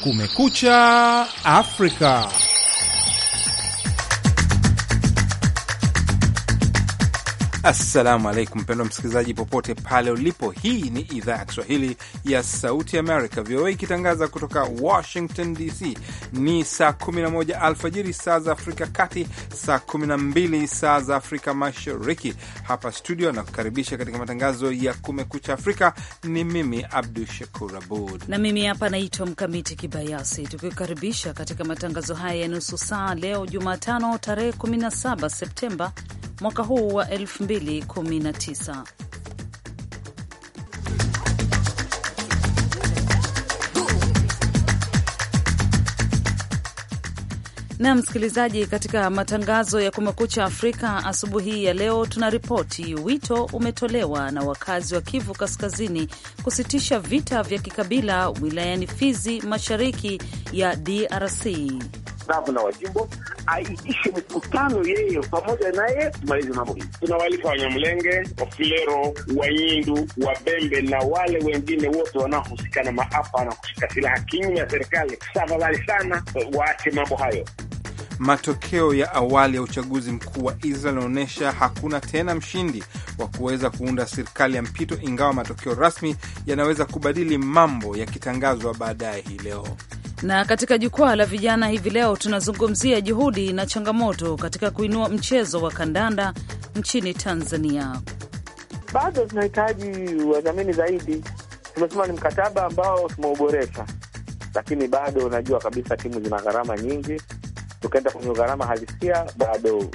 Kumekucha Afrika. Assalamu alaikum, mpendwa msikilizaji popote pale ulipo. Hii ni idhaa ya Kiswahili ya Sauti Amerika, VOA, ikitangaza kutoka Washington DC. Ni saa 11 alfajiri saa za Afrika Kati, saa 12 saa za Afrika Mashariki. Hapa studio na kukaribisha katika matangazo ya Kumekucha Afrika. Ni mimi Abdu Shakur Abud na mimi hapa naitwa Mkamiti Kibayasi, tukikaribisha katika matangazo haya ya nusu saa leo Jumatano tarehe 17 Septemba mwaka huu wa na msikilizaji, katika matangazo ya Kumekucha Afrika asubuhi ya leo, tuna ripoti wito umetolewa na wakazi wa Kivu Kaskazini kusitisha vita vya kikabila wilayani Fizi, mashariki ya DRC gavana na wajimbo aitishe mikutano yeye pamoja naye tumalize mambo hii. Tunawaalika Wanyamlenge, Wafulero, Wanyindu, Wabembe na wale wengine wote wanaohusika na maafa na kushika silaha kinyume ya serikali, tafadhali sana waache mambo hayo. Matokeo ya awali ya uchaguzi mkuu wa Israel yanaonyesha hakuna tena mshindi wa kuweza kuunda serikali ya mpito, ingawa matokeo rasmi yanaweza kubadili mambo yakitangazwa baadaye hii leo. Na katika jukwaa la vijana hivi leo tunazungumzia juhudi na changamoto katika kuinua mchezo wa kandanda nchini Tanzania. Bado tunahitaji wadhamini zaidi. Tumesema ni mkataba ambao tumeuboresha, lakini bado unajua kabisa timu zina gharama nyingi. Tukaenda kwenye gharama halisia, bado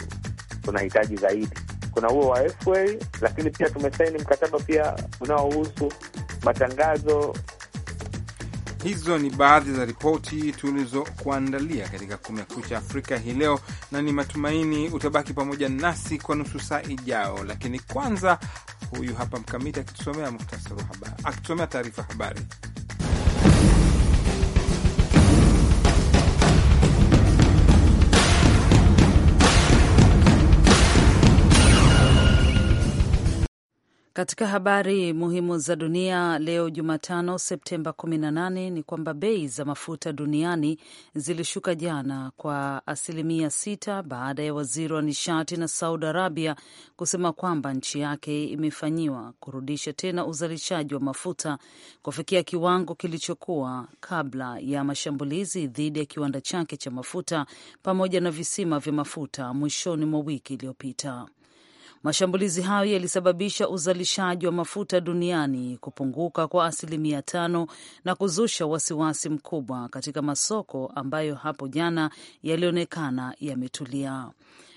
tunahitaji zaidi. Kuna huo wa FA, lakini pia tumesaini mkataba pia unaohusu matangazo Hizo ni baadhi za ripoti tulizokuandalia katika Kumekucha Afrika hii leo, na ni matumaini utabaki pamoja nasi kwa nusu saa ijao, lakini kwanza, huyu hapa Mkamiti akitusomea muhtasari wa habari, akitusomea taarifa habari. Katika habari muhimu za dunia leo Jumatano, Septemba 18 ni kwamba bei za mafuta duniani zilishuka jana kwa asilimia sita baada ya waziri wa nishati na Saudi Arabia kusema kwamba nchi yake imefanyiwa kurudisha tena uzalishaji wa mafuta kufikia kiwango kilichokuwa kabla ya mashambulizi dhidi ya kiwanda chake cha mafuta pamoja na visima vya mafuta mwishoni mwa wiki iliyopita. Mashambulizi hayo yalisababisha uzalishaji wa mafuta duniani kupunguka kwa asilimia tano na kuzusha wasiwasi mkubwa katika masoko ambayo hapo jana yalionekana yametulia.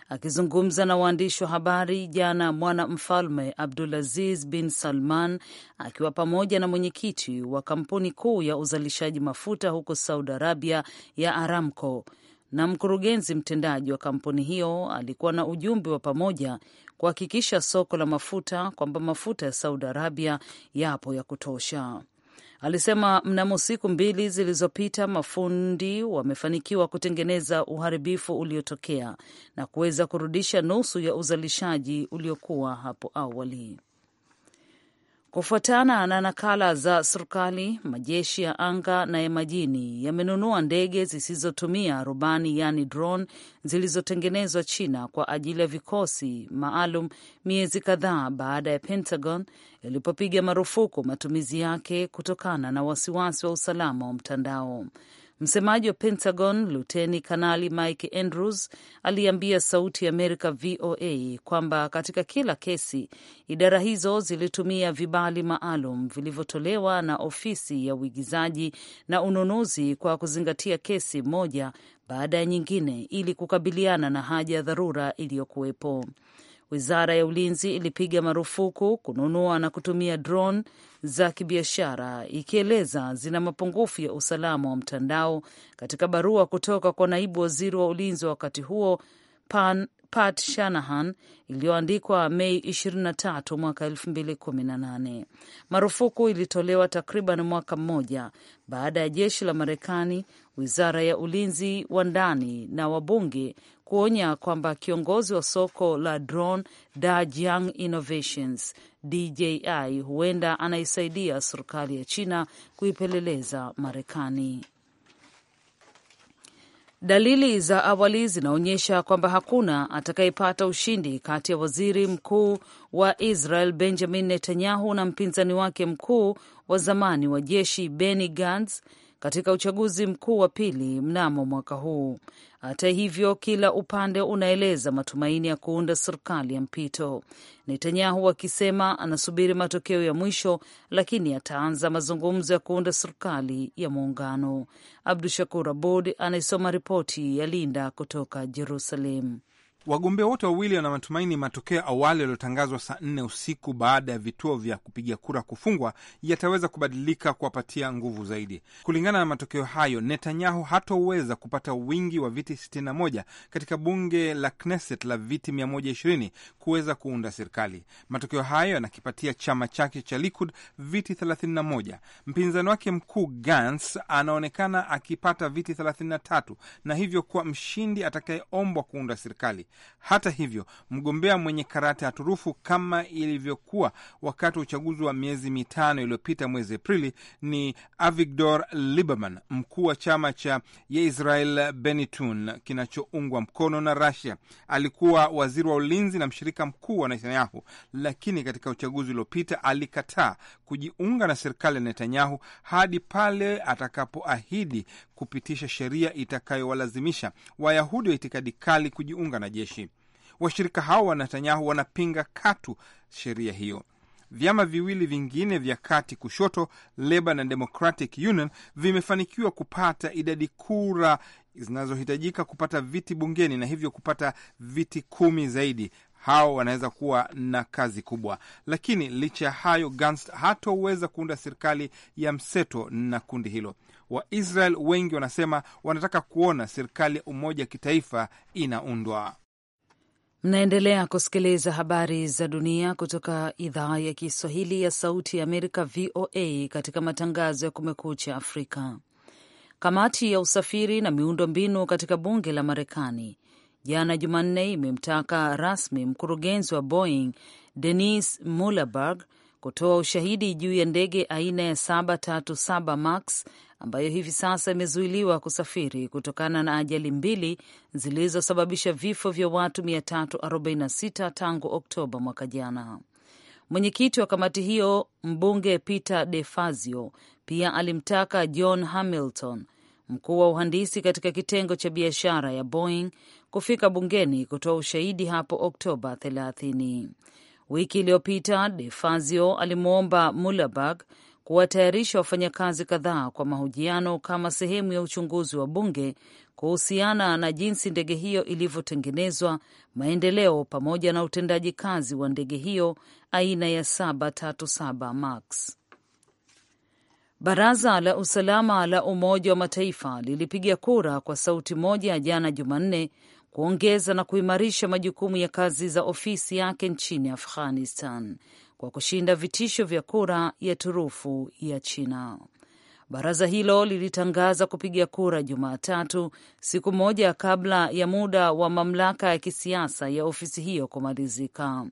Akizungumza na waandishi wa habari jana, mwana mfalme Abdulaziz bin Salman akiwa pamoja na mwenyekiti wa kampuni kuu ya uzalishaji mafuta huko Saudi Arabia ya Aramco na mkurugenzi mtendaji wa kampuni hiyo alikuwa na ujumbe wa pamoja kuhakikisha soko la mafuta kwamba mafuta ya Saudi Arabia yapo ya kutosha. Alisema mnamo siku mbili zilizopita mafundi wamefanikiwa kutengeneza uharibifu uliotokea na kuweza kurudisha nusu ya uzalishaji uliokuwa hapo awali. Kufuatana na nakala za serikali, majeshi ya anga na ya majini yamenunua ndege zisizotumia rubani, yaani drone, zilizotengenezwa China kwa ajili ya vikosi maalum, miezi kadhaa baada ya Pentagon ilipopiga marufuku matumizi yake kutokana na wasiwasi wa usalama wa mtandao. Msemaji wa Pentagon Luteni Kanali Mike Andrews aliambia Sauti ya Amerika VOA kwamba katika kila kesi idara hizo zilitumia vibali maalum vilivyotolewa na ofisi ya uigizaji na ununuzi kwa kuzingatia kesi moja baada ya nyingine ili kukabiliana na haja ya dharura iliyokuwepo. Wizara ya ulinzi ilipiga marufuku kununua na kutumia drone za kibiashara, ikieleza zina mapungufu ya usalama wa mtandao, katika barua kutoka kwa naibu waziri wa ulinzi wakati huo Pan Pat Shanahan iliyoandikwa Mei 23 mwaka 2018. Marufuku ilitolewa takriban mwaka mmoja baada ya jeshi la Marekani, wizara ya ulinzi wa ndani na wabunge kuonya kwamba kiongozi wa soko la drone Dajiang Innovations DJI huenda anaisaidia serikali ya China kuipeleleza Marekani. Dalili za awali zinaonyesha kwamba hakuna atakayepata ushindi kati ya waziri mkuu wa Israel Benjamin Netanyahu na mpinzani wake mkuu wa zamani wa jeshi Benny Gantz katika uchaguzi mkuu wa pili mnamo mwaka huu. Hata hivyo, kila upande unaeleza matumaini ya kuunda serikali ya mpito, Netanyahu akisema anasubiri matokeo ya mwisho, lakini ataanza mazungumzo ya kuunda serikali ya muungano. Abdu Shakur Abud anaisoma ripoti ya Linda kutoka Jerusalem. Wagombea wote wawili wana matumaini matokeo awali yaliyotangazwa saa nne usiku baada ya vituo vya kupiga kura kufungwa yataweza kubadilika kuwapatia nguvu zaidi. Kulingana na matokeo hayo, Netanyahu hatoweza kupata wingi wa viti 61 katika bunge la Knesset la viti 120 kuweza kuunda serikali. Matokeo hayo yanakipatia chama chake cha Likud viti 31. Mpinzani wake mkuu Gans anaonekana akipata viti 33 na hivyo kuwa mshindi atakayeombwa kuunda serikali. Hata hivyo, mgombea mwenye karata ya turufu kama ilivyokuwa wakati wa uchaguzi wa miezi mitano iliyopita mwezi Aprili ni Avigdor Lieberman, mkuu wa chama cha israel Benitun kinachoungwa mkono na Rasia. Alikuwa waziri wa ulinzi na mshirika mkuu wa Netanyahu, lakini katika uchaguzi uliopita alikataa kujiunga na serikali ya Netanyahu hadi pale atakapoahidi kupitisha sheria itakayowalazimisha Wayahudi wa itikadi kali kujiunga na jeshi kijeshi. Washirika hao wa Netanyahu wanapinga katu sheria hiyo. Vyama viwili vingine vya kati kushoto, Leba na Democratic Union, vimefanikiwa kupata idadi kura zinazohitajika kupata viti bungeni na hivyo kupata viti kumi zaidi. Hao wanaweza kuwa na kazi kubwa, lakini licha ya hayo, Gantz hatoweza kuunda serikali ya mseto na kundi hilo. Waisrael wengi wanasema wanataka kuona serikali ya umoja kitaifa inaundwa. Mnaendelea kusikiliza habari za dunia kutoka idhaa ya Kiswahili ya Sauti ya Amerika, VOA, katika matangazo ya Kumekucha Afrika. Kamati ya usafiri na miundombinu katika bunge la Marekani jana Jumanne imemtaka rasmi mkurugenzi wa Boeing denis Mullerberg kutoa ushahidi juu ya ndege aina ya 737 Max ambayo hivi sasa imezuiliwa kusafiri kutokana na ajali mbili zilizosababisha vifo vya watu 346 tangu Oktoba mwaka jana. Mwenyekiti wa kamati hiyo mbunge Peter De Fazio pia alimtaka John Hamilton, mkuu wa uhandisi katika kitengo cha biashara ya Boeing, kufika bungeni kutoa ushahidi hapo Oktoba 30. Wiki iliyopita De Fazio alimwomba Mullerberg kuwatayarisha wafanyakazi kadhaa kwa mahojiano kama sehemu ya uchunguzi wa bunge kuhusiana na jinsi ndege hiyo ilivyotengenezwa, maendeleo pamoja na utendaji kazi wa ndege hiyo aina ya 737 Max. Baraza la usalama la Umoja wa Mataifa lilipiga kura kwa sauti moja jana Jumanne kuongeza na kuimarisha majukumu ya kazi za ofisi yake nchini Afghanistan kwa kushinda vitisho vya kura ya turufu ya China. Baraza hilo lilitangaza kupiga kura Jumatatu, siku moja kabla ya muda wa mamlaka ya kisiasa ya ofisi hiyo kumalizika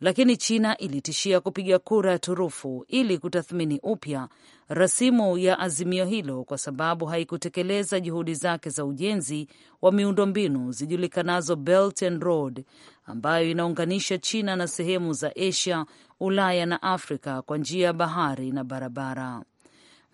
lakini China ilitishia kupiga kura ya turufu ili kutathmini upya rasimu ya azimio hilo kwa sababu haikutekeleza juhudi zake za ujenzi wa miundombinu zijulikanazo Belt and Road ambayo inaunganisha China na sehemu za Asia, Ulaya na Afrika kwa njia ya bahari na barabara.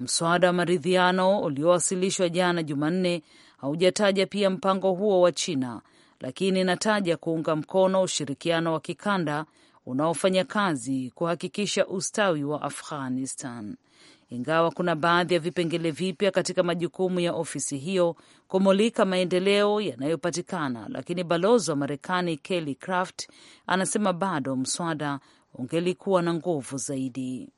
Mswada wa maridhiano uliowasilishwa jana Jumanne haujataja pia mpango huo wa China, lakini inataja kuunga mkono ushirikiano wa kikanda unaofanya kazi kuhakikisha ustawi wa Afghanistan, ingawa kuna baadhi ya vipengele vipya katika majukumu ya ofisi hiyo kumulika maendeleo yanayopatikana, lakini balozi wa Marekani Kelly Craft anasema bado mswada ungelikuwa na nguvu zaidi.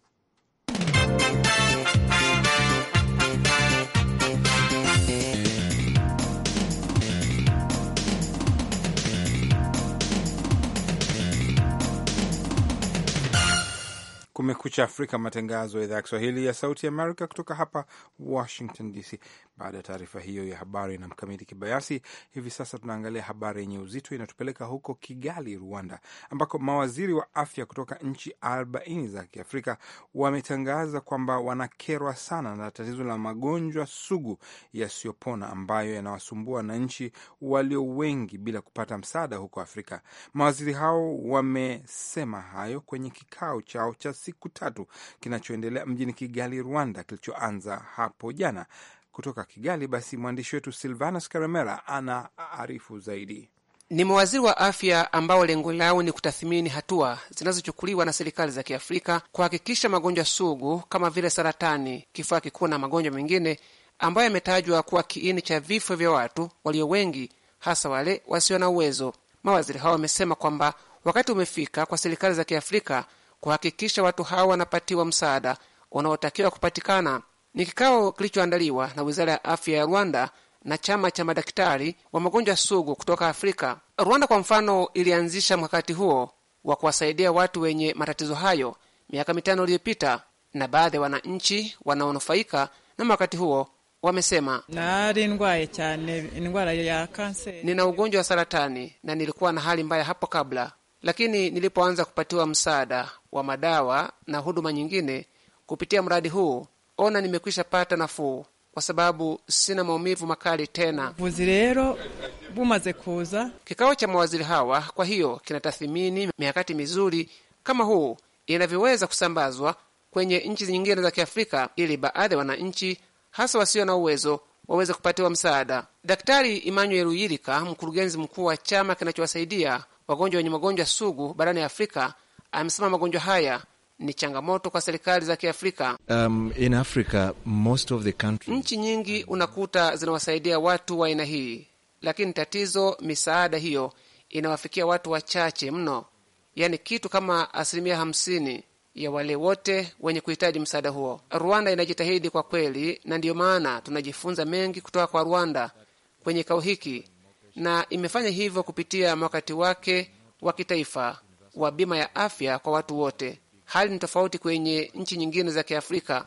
Kumekucha Afrika, matangazo ya idhaa ya Kiswahili ya Sauti Amerika kutoka hapa Washington DC. Baada ya taarifa hiyo ya habari na mkamiti Kibayasi, hivi sasa tunaangalia habari yenye uzito inatupeleka huko Kigali, Rwanda, ambako mawaziri wa afya kutoka nchi arobaini za Kiafrika wametangaza kwamba wanakerwa sana na tatizo la magonjwa sugu yasiyopona ambayo yanawasumbua wananchi walio wengi bila kupata msaada huko Afrika. Mawaziri hao wamesema hayo kwenye kikao chao cha siku tatu kinachoendelea mjini Kigali, Rwanda, kilichoanza hapo jana kutoka Kigali, basi mwandishi wetu Silvanus Karemera ana arifu zaidi. Ni mawaziri wa afya ambao lengo lao ni kutathmini hatua zinazochukuliwa na serikali za Kiafrika kuhakikisha magonjwa sugu kama vile saratani, kifua kikuu na magonjwa mengine ambayo yametajwa kuwa kiini cha vifo vya watu walio wengi, hasa wale wasio na uwezo. Mawaziri hao wamesema kwamba wakati umefika kwa serikali za Kiafrika kuhakikisha watu hawa wanapatiwa msaada unaotakiwa kupatikana. Ni kikao kilichoandaliwa na wizara ya afya ya Rwanda na chama cha madaktari wa magonjwa sugu kutoka Afrika. Rwanda kwa mfano, ilianzisha mkakati huo wa kuwasaidia watu wenye matatizo hayo miaka mitano iliyopita, na baadhi ya wananchi wanaonufaika na mkakati huo wamesema, nina ugonjwa wa saratani na nilikuwa na hali mbaya hapo kabla, lakini nilipoanza kupatiwa msaada wa madawa na huduma nyingine kupitia mradi huu ona nimekwisha pata nafuu kwa sababu sina maumivu makali tena. Buzirero bumaze kuza. Kikao cha mawaziri hawa kwa hiyo kinatathimini mikakati mizuri kama huu inavyoweza kusambazwa kwenye nchi nyingine za Kiafrika ili baadhi ya wananchi hasa wasio na uwezo waweze kupatiwa msaada. Daktari Emmanuel Uyirika, mkurugenzi mkuu wa chama kinachowasaidia wagonjwa wenye magonjwa sugu barani Afrika, amesema magonjwa haya ni changamoto kwa serikali za Kiafrika. Um, in Africa, most of the nchi nyingi unakuta zinawasaidia watu wa aina hii, lakini tatizo, misaada hiyo inawafikia watu wachache mno, yaani kitu kama asilimia hamsini ya wale wote wenye kuhitaji msaada huo. Rwanda inajitahidi kwa kweli, na ndiyo maana tunajifunza mengi kutoka kwa Rwanda kwenye kikao hiki, na imefanya hivyo kupitia mwakati wake wa kitaifa wa bima ya afya kwa watu wote. Hali ni tofauti kwenye nchi nyingine za Kiafrika.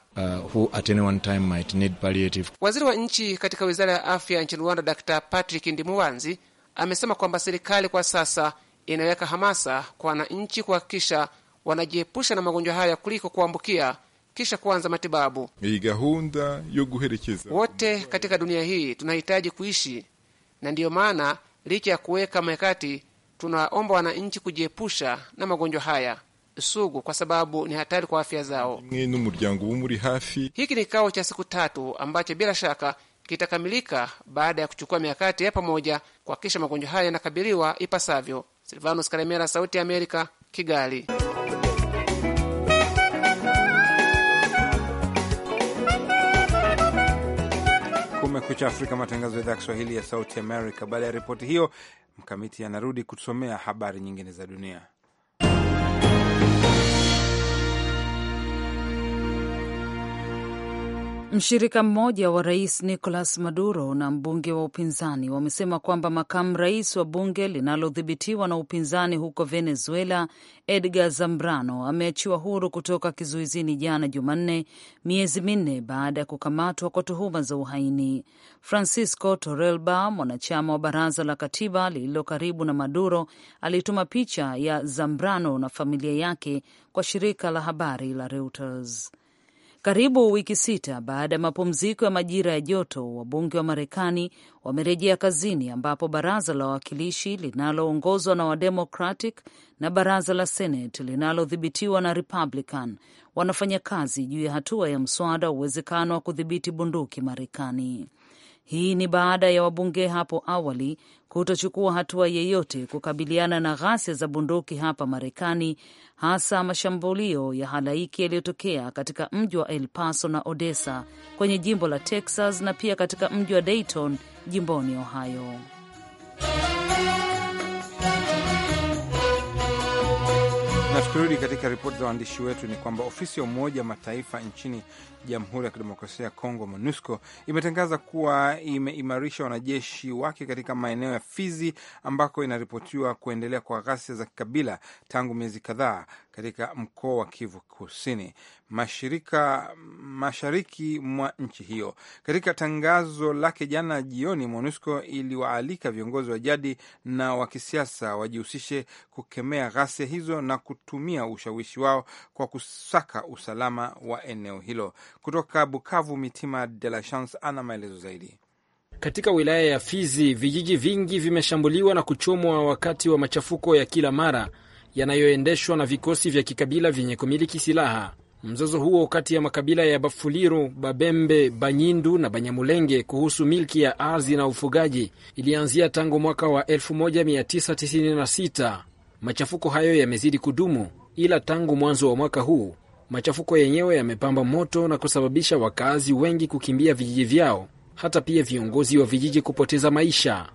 Uh, waziri wa nchi katika wizara ya afya nchini Rwanda, Dr Patrick ndimuwanzi amesema kwamba serikali kwa sasa inaweka hamasa kwa wananchi kuhakikisha wanajiepusha na magonjwa haya kuliko kuambukia kisha kuanza matibabu. Wote katika dunia hii tunahitaji kuishi, na ndiyo maana licha ya kuweka mikakati, tunaomba wananchi kujiepusha na magonjwa haya sugu kwa sababu ni hatari kwa afya zao. Hiki ni kikao cha siku tatu ambacho bila shaka kitakamilika baada ya kuchukua mikakati ya pamoja kuhakikisha magonjwa haya yanakabiliwa ipasavyo. Silvanus Karemera, Sauti ya Amerika, Kigali. Kumekucha Afrika, matangazo ya idhaa ya Kiswahili ya Sauti Amerika. Baada ya ripoti hiyo, Mkamiti anarudi kutusomea habari nyingine za dunia. Mshirika mmoja wa rais Nicolas Maduro na mbunge wa upinzani wamesema kwamba makamu rais wa bunge linalodhibitiwa na upinzani huko Venezuela, Edgar Zambrano, ameachiwa huru kutoka kizuizini jana Jumanne, miezi minne baada ya kukamatwa kwa tuhuma za uhaini. Francisco torelba mwanachama wa baraza la katiba lililo karibu na Maduro, alituma picha ya Zambrano na familia yake kwa shirika la habari la Reuters. Karibu wiki sita baada ya mapumziko ya majira ya joto, wabunge wa Marekani wamerejea kazini, ambapo baraza la wawakilishi linaloongozwa na Wademocratic na baraza la Senate linalodhibitiwa na Republican wanafanya kazi juu ya hatua ya mswada wa uwezekano wa kudhibiti bunduki Marekani. Hii ni baada ya wabunge hapo awali kutochukua hatua yeyote kukabiliana na ghasia za bunduki hapa Marekani, hasa mashambulio ya halaiki yaliyotokea katika mji wa El Paso na Odessa kwenye jimbo la Texas na pia katika mji wa Dayton jimboni Ohio. Na tukirudi katika ripoti za waandishi wetu ni kwamba ofisi ya Umoja Mataifa nchini Jamhuri ya Kidemokrasia ya Kongo, MONUSCO, imetangaza kuwa imeimarisha wanajeshi wake katika maeneo ya Fizi ambako inaripotiwa kuendelea kwa ghasia za kikabila tangu miezi kadhaa katika mkoa wa Kivu Kusini, mashirika mashariki mwa nchi hiyo. Katika tangazo lake jana jioni, MONUSCO iliwaalika viongozi wa jadi na wa kisiasa wajihusishe kukemea ghasia hizo na kutumia ushawishi wao kwa kusaka usalama wa eneo hilo. Kutoka Bukavu, Mitima de la Chance ana maelezo zaidi. Katika wilaya ya Fizi vijiji vingi vimeshambuliwa na kuchomwa wakati wa machafuko ya kila mara yanayoendeshwa na vikosi vya kikabila vyenye kumiliki silaha. Mzozo huo kati ya makabila ya Bafuliru, Babembe, Banyindu na Banyamulenge kuhusu milki ya ardhi na ufugaji ilianzia tangu mwaka wa 1996. Machafuko hayo yamezidi kudumu, ila tangu mwanzo wa mwaka huu machafuko yenyewe yamepamba moto na kusababisha wakazi wengi kukimbia vijiji vyao, hata pia viongozi wa vijiji kupoteza maisha.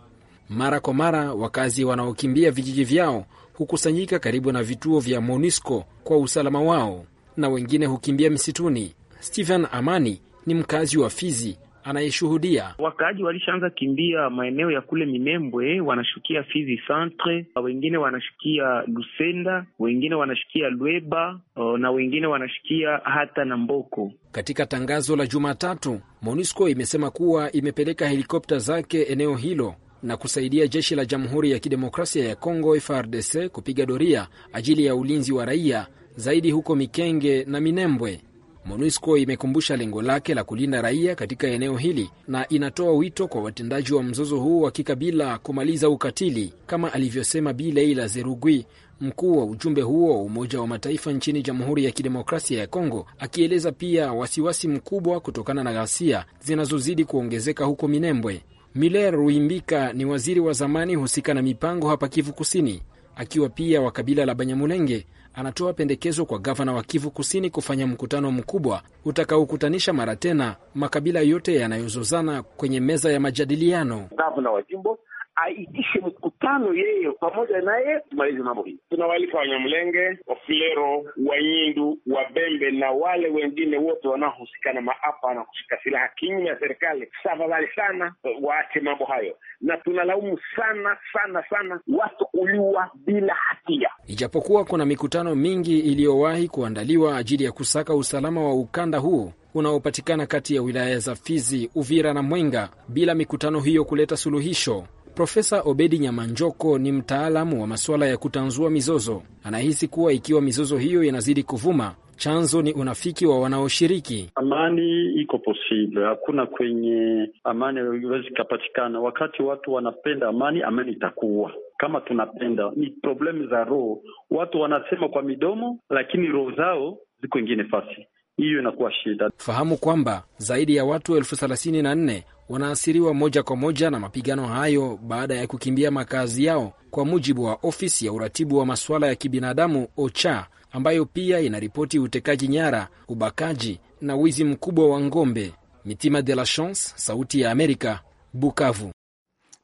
Mara kwa mara wakazi wanaokimbia vijiji vyao hukusanyika karibu na vituo vya MONUSCO kwa usalama wao na wengine hukimbia msituni. Stephen Amani ni mkazi wa Fizi anayeshuhudia wakaaji walishaanza kimbia maeneo ya kule Minembwe, wanashukia Fizi Centre, wengine wanashukia Lusenda, wengine wanashukia Lweba na wengine wanashukia hata na Mboko. Katika tangazo la Jumatatu, MONUSCO imesema kuwa imepeleka helikopta zake eneo hilo na kusaidia jeshi la Jamhuri ya Kidemokrasia ya Kongo frdc kupiga doria ajili ya ulinzi wa raia zaidi huko Mikenge na Minembwe. MONUSCO imekumbusha lengo lake la kulinda raia katika eneo hili na inatoa wito kwa watendaji wa mzozo huu wa kikabila kumaliza ukatili, kama alivyosema Bi Leila Zerugui, mkuu wa ujumbe huo wa Umoja wa Mataifa nchini Jamhuri ya Kidemokrasia ya Kongo, akieleza pia wasiwasi mkubwa kutokana na ghasia zinazozidi kuongezeka huko Minembwe. Miller Ruimbika ni waziri wa zamani husika na mipango hapa Kivu Kusini, akiwa pia wa kabila la Banyamulenge. Anatoa pendekezo kwa gavana wa Kivu Kusini kufanya mkutano mkubwa utakaokutanisha mara tena makabila yote yanayozozana kwenye meza ya majadiliano. Gavana wa jimbo aitishe mikutano yeye pamoja naye tumalize mambo hii. Tunawaalika Wanyamlenge, Wafulero, Wanyindu, Wabembe na wale wengine wote wanaohusika na maafa na kushika silaha kinyume ya serikali, tafadhali sana eh, waache mambo hayo, na tunalaumu sana sana sana watu kuliwa bila hatia. Ijapokuwa kuna mikutano mingi iliyowahi kuandaliwa ajili ya kusaka usalama wa ukanda huo unaopatikana kati ya wilaya za Fizi, Uvira na Mwenga, bila mikutano hiyo kuleta suluhisho Profesa Obedi Nyamanjoko ni mtaalamu wa masuala ya kutanzua mizozo. Anahisi kuwa ikiwa mizozo hiyo inazidi kuvuma, chanzo ni unafiki wa wanaoshiriki. Amani iko posible, hakuna kwenye amani iwezi ikapatikana. Wakati watu wanapenda amani, amani itakuwa kama tunapenda ni problemu za roho. Watu wanasema kwa midomo, lakini roho zao ziko ingine fasi hiyo inakuwa shida. Fahamu kwamba zaidi ya watu elfu thelathini na nne wanaathiriwa moja kwa moja na mapigano hayo baada ya kukimbia makazi yao, kwa mujibu wa ofisi ya uratibu wa masuala ya kibinadamu OCHA, ambayo pia inaripoti utekaji nyara, ubakaji na wizi mkubwa wa ngombe. Mitima de la Chance, Sauti ya Amerika, Bukavu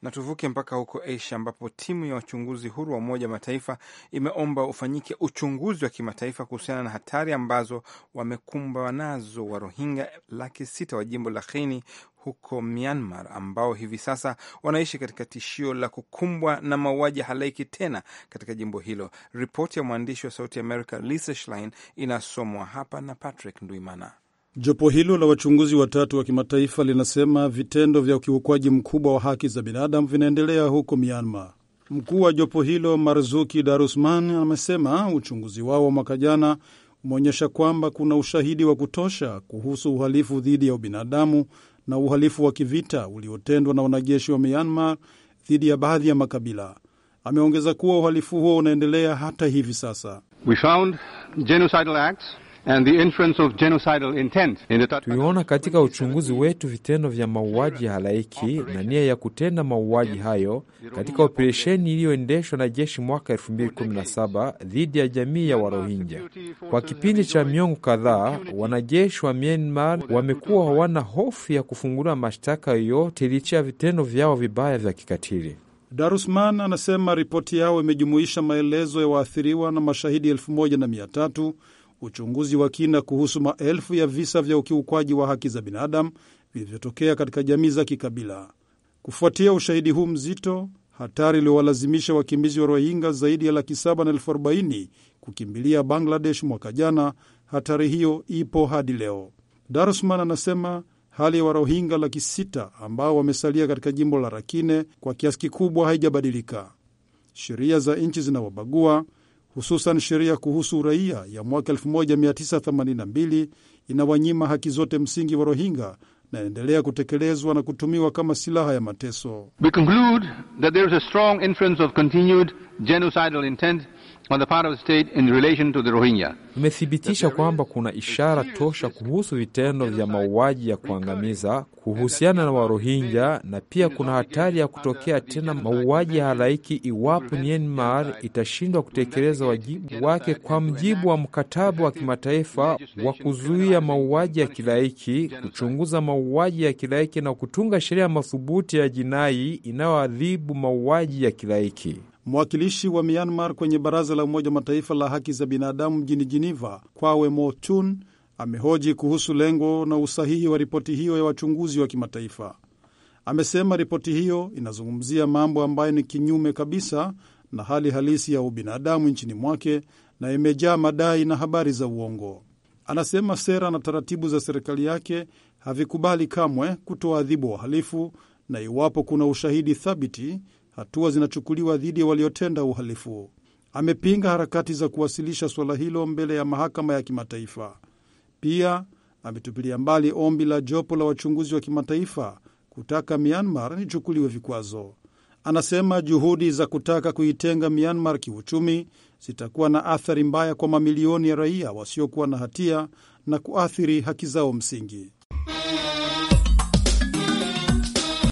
na tuvuke mpaka huko Asia ambapo timu ya wachunguzi huru wa Umoja Mataifa imeomba ufanyike uchunguzi wa kimataifa kuhusiana na hatari ambazo wamekumbwa nazo wa Rohingya laki sita wa jimbo la Rakhine huko Myanmar ambao hivi sasa wanaishi katika tishio la kukumbwa na mauaji halaiki tena katika jimbo hilo. Ripoti ya mwandishi wa Sauti America Lisa Schlein inasomwa hapa na Patrick Nduimana. Jopo hilo la wachunguzi watatu wa kimataifa linasema vitendo vya ukiukwaji mkubwa wa haki za binadamu vinaendelea huko Myanmar. Mkuu wa jopo hilo Marzuki Darusman amesema uchunguzi wao wa mwaka jana umeonyesha kwamba kuna ushahidi wa kutosha kuhusu uhalifu dhidi ya ubinadamu na uhalifu wa kivita uliotendwa na wanajeshi wa Myanmar dhidi ya baadhi ya makabila. Ameongeza kuwa uhalifu huo unaendelea hata hivi sasa. We found genocidal acts and the inference of genocidal intent Tuliona katika uchunguzi wetu vitendo vya mauaji ya halaiki na nia ya kutenda mauaji hayo katika operesheni iliyoendeshwa na jeshi mwaka 2017 dhidi ya jamii ya Warohinja. Kwa kipindi cha miongo kadhaa, wanajeshi wa Myanmar wamekuwa hawana hofu ya kufungula mashtaka yoyote licha ya vitendo vyao vibaya vya kikatili. Darusman anasema ripoti yao imejumuisha maelezo ya waathiriwa na mashahidi elfu moja na mia tatu uchunguzi wa kina kuhusu maelfu ya visa vya ukiukwaji wa haki za binadamu vilivyotokea katika jamii za kikabila. Kufuatia ushahidi huu mzito, hatari iliyowalazimisha wakimbizi wa rohinga zaidi ya laki saba na elfu arobaini kukimbilia Bangladesh mwaka jana, hatari hiyo ipo hadi leo. Darusman anasema hali ya Warohinga laki sita ambao wamesalia katika jimbo la rakine kwa kiasi kikubwa haijabadilika. Sheria za nchi zinawabagua hususan sheria kuhusu uraia ya mwaka 1982 inawanyima haki zote msingi wa Rohingya na inaendelea kutekelezwa na kutumiwa kama silaha ya mateso. We conclude that there is a strong inference of continued genocidal intent imethibitisha kwamba kuna ishara tosha kuhusu vitendo vya mauaji ya kuangamiza kuhusiana na Warohingya, na pia kuna hatari ya kutokea tena mauaji ya halaiki iwapo Myanmar itashindwa kutekeleza wajibu wake kwa mjibu wa mkataba wa kimataifa wa kuzuia mauaji ya kilaiki, kuchunguza mauaji ya kilaiki na kutunga sheria mathubuti ya jinai inayoadhibu mauaji ya kilaiki. Mwakilishi wa Myanmar kwenye baraza la Umoja wa Mataifa la haki za binadamu mjini Jiniva, Kwawe Motun, amehoji kuhusu lengo na usahihi wa ripoti hiyo ya wachunguzi wa kimataifa. Amesema ripoti hiyo inazungumzia mambo ambayo ni kinyume kabisa na hali halisi ya ubinadamu nchini mwake na imejaa madai na habari za uongo. Anasema sera na taratibu za serikali yake havikubali kamwe kutoa adhibu wahalifu, na iwapo kuna ushahidi thabiti hatua zinachukuliwa dhidi ya waliotenda uhalifu. Amepinga harakati za kuwasilisha suala hilo mbele ya mahakama ya kimataifa. Pia ametupilia mbali ombi la jopo la wachunguzi wa kimataifa kutaka Myanmar ichukuliwe vikwazo. Anasema juhudi za kutaka kuitenga Myanmar kiuchumi zitakuwa na athari mbaya kwa mamilioni ya raia wasiokuwa na hatia na kuathiri haki zao msingi.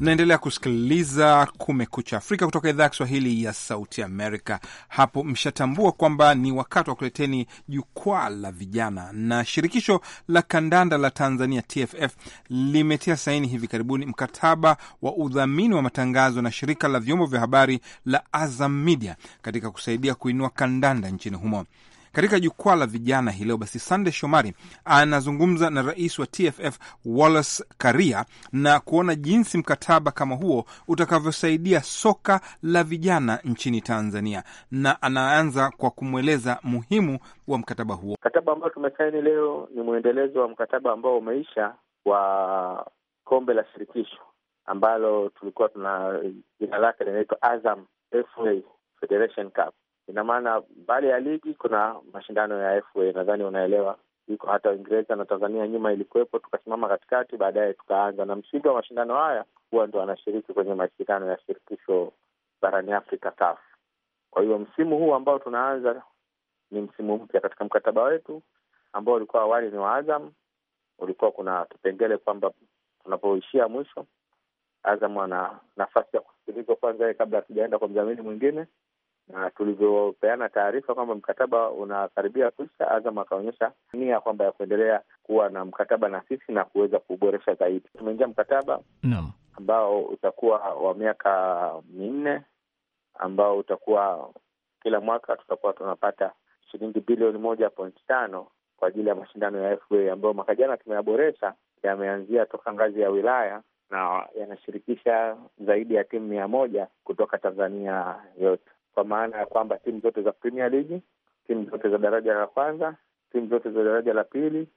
naendelea kusikiliza Kumekucha Afrika kutoka idhaa ya Kiswahili ya Sauti Amerika. Hapo mshatambua kwamba ni wakati wa kuleteni jukwaa la vijana, na shirikisho la kandanda la Tanzania TFF limetia saini hivi karibuni mkataba wa udhamini wa matangazo na shirika la vyombo vya habari la Azam Media katika kusaidia kuinua kandanda nchini humo katika jukwaa la vijana hii leo. Basi Sande Shomari anazungumza na rais wa TFF Wallace Karia na kuona jinsi mkataba kama huo utakavyosaidia soka la vijana nchini Tanzania, na anaanza kwa kumweleza muhimu wa mkataba huo. Mkataba ambao tumesaini leo ni mwendelezo wa mkataba ambao umeisha wa kombe la shirikisho ambalo tulikuwa tuna jina lake linaitwa Azam FA Federation Cup Ina maana mbali ya ligi kuna mashindano ya FA, nadhani unaelewa, iko hata Uingereza na Tanzania. Nyuma ilikuwepo, tukasimama katikati, baadaye tukaanza. Na mshindi wa mashindano haya huwa ndo anashiriki kwenye mashindano ya shirikisho barani Afrika, CAF. Kwa hiyo msimu huu ambao tunaanza ni msimu mpya katika mkataba wetu ambao ulikuwa awali ni wa Azam, ulikuwa kuna kipengele kwamba tunapoishia mwisho Azam ana nafasi ya kusikilizwa kwanza, kabla hatujaenda kwa mdhamini mwingine, na tulivyopeana taarifa kwamba mkataba unakaribia kuisha, Azam akaonyesha nia kwamba ya kuendelea kuwa na mkataba na sisi na kuweza kuboresha zaidi. Tumeingia mkataba no. ambao utakuwa wa miaka minne ambao utakuwa kila mwaka tutakuwa tunapata shilingi bilioni moja pointi tano kwa ajili ya mashindano ya FA ambayo mwaka jana tumeyaboresha, yameanzia toka ngazi ya wilaya na yanashirikisha zaidi ya timu mia moja kutoka Tanzania yote kwa maana ya kwamba timu zote za Premier League, timu zote za daraja la kwanza, timu zote za daraja la pili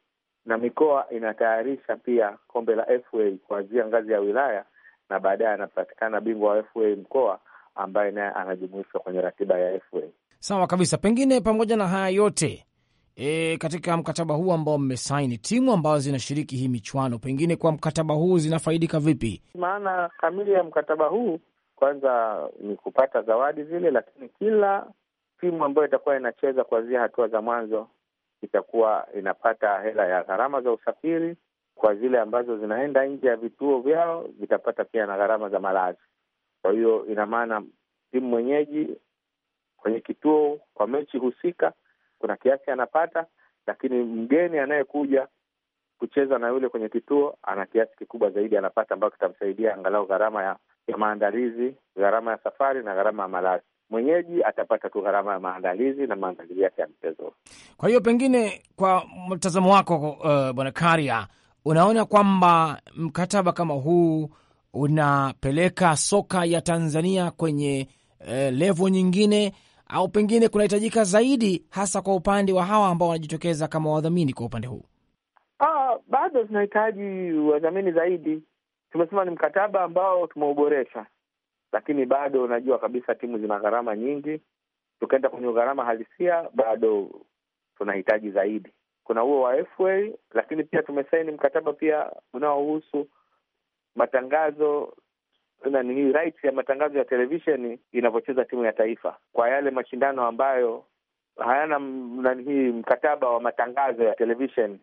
na mikoa inatayarisha pia kombe la FA kuanzia ngazi ya wilaya na baadaye anapatikana bingwa wa FA mkoa ambaye naye anajumuishwa kwenye ratiba ya FA. Sawa kabisa. Pengine pamoja na haya yote e, katika mkataba huu ambao mmesaini, timu ambazo zinashiriki hii michuano, pengine kwa mkataba huu zinafaidika vipi? Maana kamili ya mkataba huu kwanza ni kupata zawadi zile, lakini kila timu ambayo itakuwa inacheza kuanzia hatua za mwanzo itakuwa inapata hela ya gharama za usafiri. Kwa zile ambazo zinaenda nje ya vituo vyao vitapata pia na gharama za malazi. Kwa hiyo ina maana timu mwenyeji kwenye kituo kwa mechi husika kuna kiasi anapata, lakini mgeni anayekuja kucheza na yule kwenye kituo ana kiasi kikubwa zaidi anapata, ambayo kitamsaidia angalau gharama ya ya maandalizi, gharama ya safari na gharama ya malazi. Mwenyeji atapata tu gharama ya maandalizi na maandalizi yake ya mchezo. Kwa hiyo pengine, kwa mtazamo wako, uh, bwana Karia, unaona kwamba mkataba kama huu unapeleka soka ya Tanzania kwenye uh, levo nyingine au pengine kunahitajika zaidi, hasa kwa upande wa hawa ambao wanajitokeza kama wadhamini? Kwa upande huu, ah, bado tunahitaji wadhamini zaidi, tumesema ni mkataba ambao tumeuboresha, lakini bado unajua kabisa timu zina gharama nyingi. Tukaenda kwenye gharama halisia, bado tunahitaji zaidi. Kuna huo wa FA, lakini pia tumesaini mkataba pia unaohusu matangazo na ni rights ya matangazo ya televisheni inavyocheza timu ya taifa kwa yale mashindano ambayo hayana nani, mkataba wa matangazo ya televisheni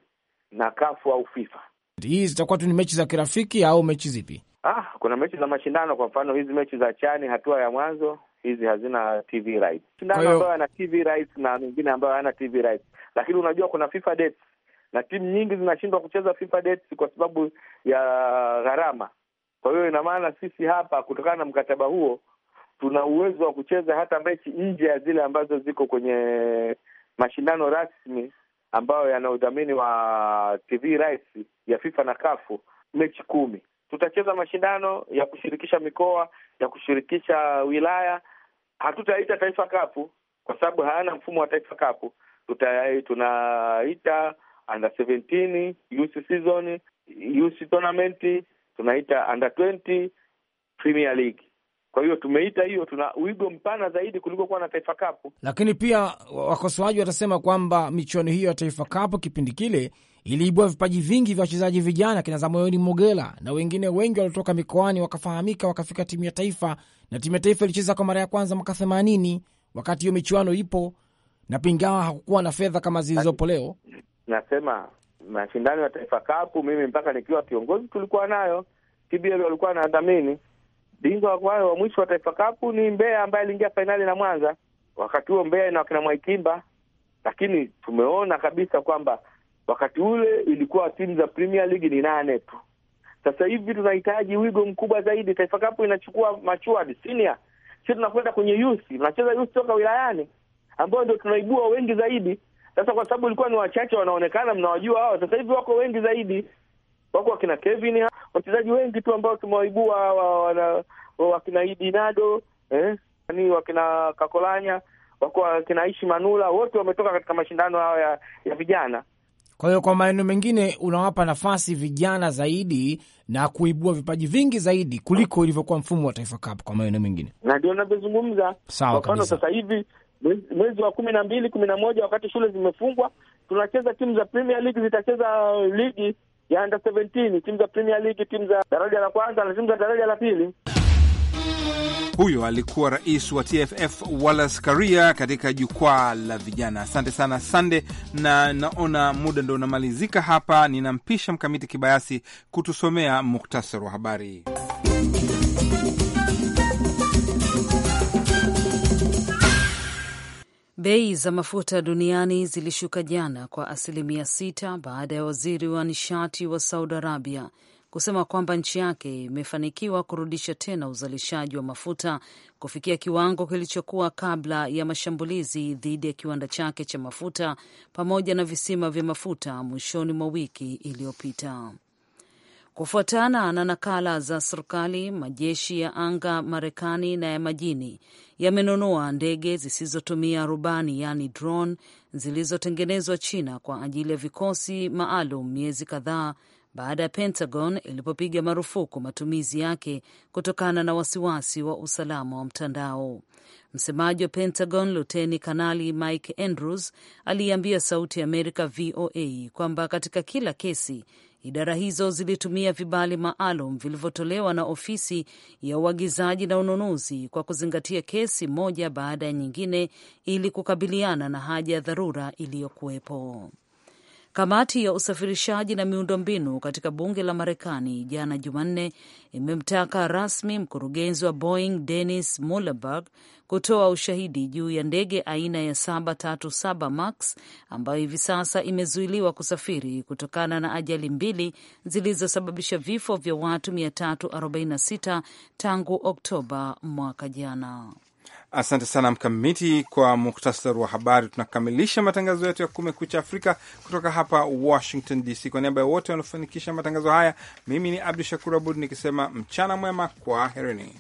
na kafu au FIFA. Hii zitakuwa tu ni mechi za kirafiki au mechi zipi? Ah, kuna mechi za mashindano, kwa mfano hizi mechi za chani hatua ya mwanzo hizi hazina TV rights. Mashindano ambayo yana TV rights na mengine ambayo hayana TV rights, lakini unajua kuna FIFA dates na timu nyingi zinashindwa kucheza FIFA dates kwa sababu ya gharama. Kwa hiyo ina maana sisi hapa, kutokana na mkataba huo, tuna uwezo wa kucheza hata mechi nje ya zile ambazo ziko kwenye mashindano rasmi ambayo yana udhamini wa TV rights ya FIFA na kafu mechi kumi. Tutacheza mashindano ya kushirikisha mikoa ya kushirikisha wilaya. Hatutaita Taifa Kapu kwa sababu hayana mfumo wa Taifa Kapu. Tuta, tunaita under 17 youth season, youth tournament, tunaita under 20 Premier League. Kwa hiyo tumeita hiyo, tuna wigo mpana zaidi kuliko kuwa na Taifa Cup. Lakini pia wakosoaji watasema kwamba michuano hiyo ya Taifa Cup kipindi kile iliibua vipaji vingi vya wachezaji vijana kina Zamoyoni Mogela na wengine wengi waliotoka mikoani wakafahamika wakafika timu ya taifa, na timu ya taifa ilicheza kwa mara ya kwanza mwaka themanini wakati hiyo michuano ipo, na pingawa hakukuwa na fedha kama zilizopo leo. Nasema mashindano ya Taifa Cup, mimi mpaka nikiwa kiongozi tulikuwa nayo, TBL walikuwa na dhamini Bingwa wao wa mwisho wa Taifa Cup ni Mbeya ambaye aliingia fainali na Mwanza. Wakati huo Mbeya ina wakina Mwaikimba, lakini tumeona kabisa kwamba wakati ule ilikuwa timu za Premier League ni nane tu. Sasa hivi tunahitaji wigo mkubwa zaidi. Taifa Cup inachukua matured senior, sisi tunakwenda kwenye youth, tunacheza youth toka wilayani ambao ndio tunaibua wengi zaidi. Sasa kwa sababu ilikuwa ni wachache wanaonekana, mnawajua hao, sasa hivi wako wengi zaidi wako wakina Kevin, wachezaji wengi tu ambao tumewaibua wana wakina Idinado eh, ni wakina Kakolanya, wako wakina Ishi Manula, wote wametoka katika mashindano hayo ya, ya vijana. Kwa hiyo kwa maneno mengine, unawapa nafasi vijana zaidi na kuibua vipaji vingi zaidi kuliko ilivyokuwa mfumo wa Taifa Cup. Kwa maneno mengine, na ndio ninavyozungumza. Sawa kabisa. Sasa hivi mwezi wa kumi na mbili, kumi na moja, wakati shule zimefungwa, tunacheza timu za Premier League zitacheza ligi ya under 17, timu za Premier League, timu za daraja la kwanza na timu za daraja la pili. Huyo alikuwa rais wa TFF Wallace Karia katika jukwaa la vijana. Asante sana Sande, na naona muda ndo unamalizika hapa. Ninampisha Mkamiti Kibayasi kutusomea muktasari wa habari. Bei za mafuta duniani zilishuka jana kwa asilimia sita baada ya waziri wa nishati wa Saudi Arabia kusema kwamba nchi yake imefanikiwa kurudisha tena uzalishaji wa mafuta kufikia kiwango kilichokuwa kabla ya mashambulizi dhidi ya kiwanda chake cha mafuta pamoja na visima vya mafuta mwishoni mwa wiki iliyopita. Kufuatana na nakala za serikali, majeshi ya anga Marekani na ya majini yamenunua ndege zisizotumia rubani, yaani drone, zilizotengenezwa China kwa ajili ya vikosi maalum miezi kadhaa baada ya Pentagon ilipopiga marufuku matumizi yake kutokana na wasiwasi wa usalama wa mtandao. Msemaji wa Pentagon Luteni Kanali Mike Andrews aliyeambia Sauti ya Amerika VOA kwamba katika kila kesi Idara hizo zilitumia vibali maalum vilivyotolewa na ofisi ya uagizaji na ununuzi kwa kuzingatia kesi moja baada ya nyingine ili kukabiliana na haja ya dharura iliyokuwepo. Kamati ya usafirishaji na miundombinu katika bunge la Marekani jana Jumanne imemtaka rasmi mkurugenzi wa Boeing Dennis Muilenburg kutoa ushahidi juu ya ndege aina ya 737 Max ambayo hivi sasa imezuiliwa kusafiri kutokana na ajali mbili zilizosababisha vifo vya watu 346 tangu Oktoba mwaka jana. Asante sana Mkamiti kwa muktasari wa habari. Tunakamilisha matangazo yetu ya Kumekucha Afrika kutoka hapa Washington DC. Kwa niaba ya wote wanaofanikisha matangazo haya, mimi ni Abdu Shakur Abud nikisema mchana mwema, kwa herini.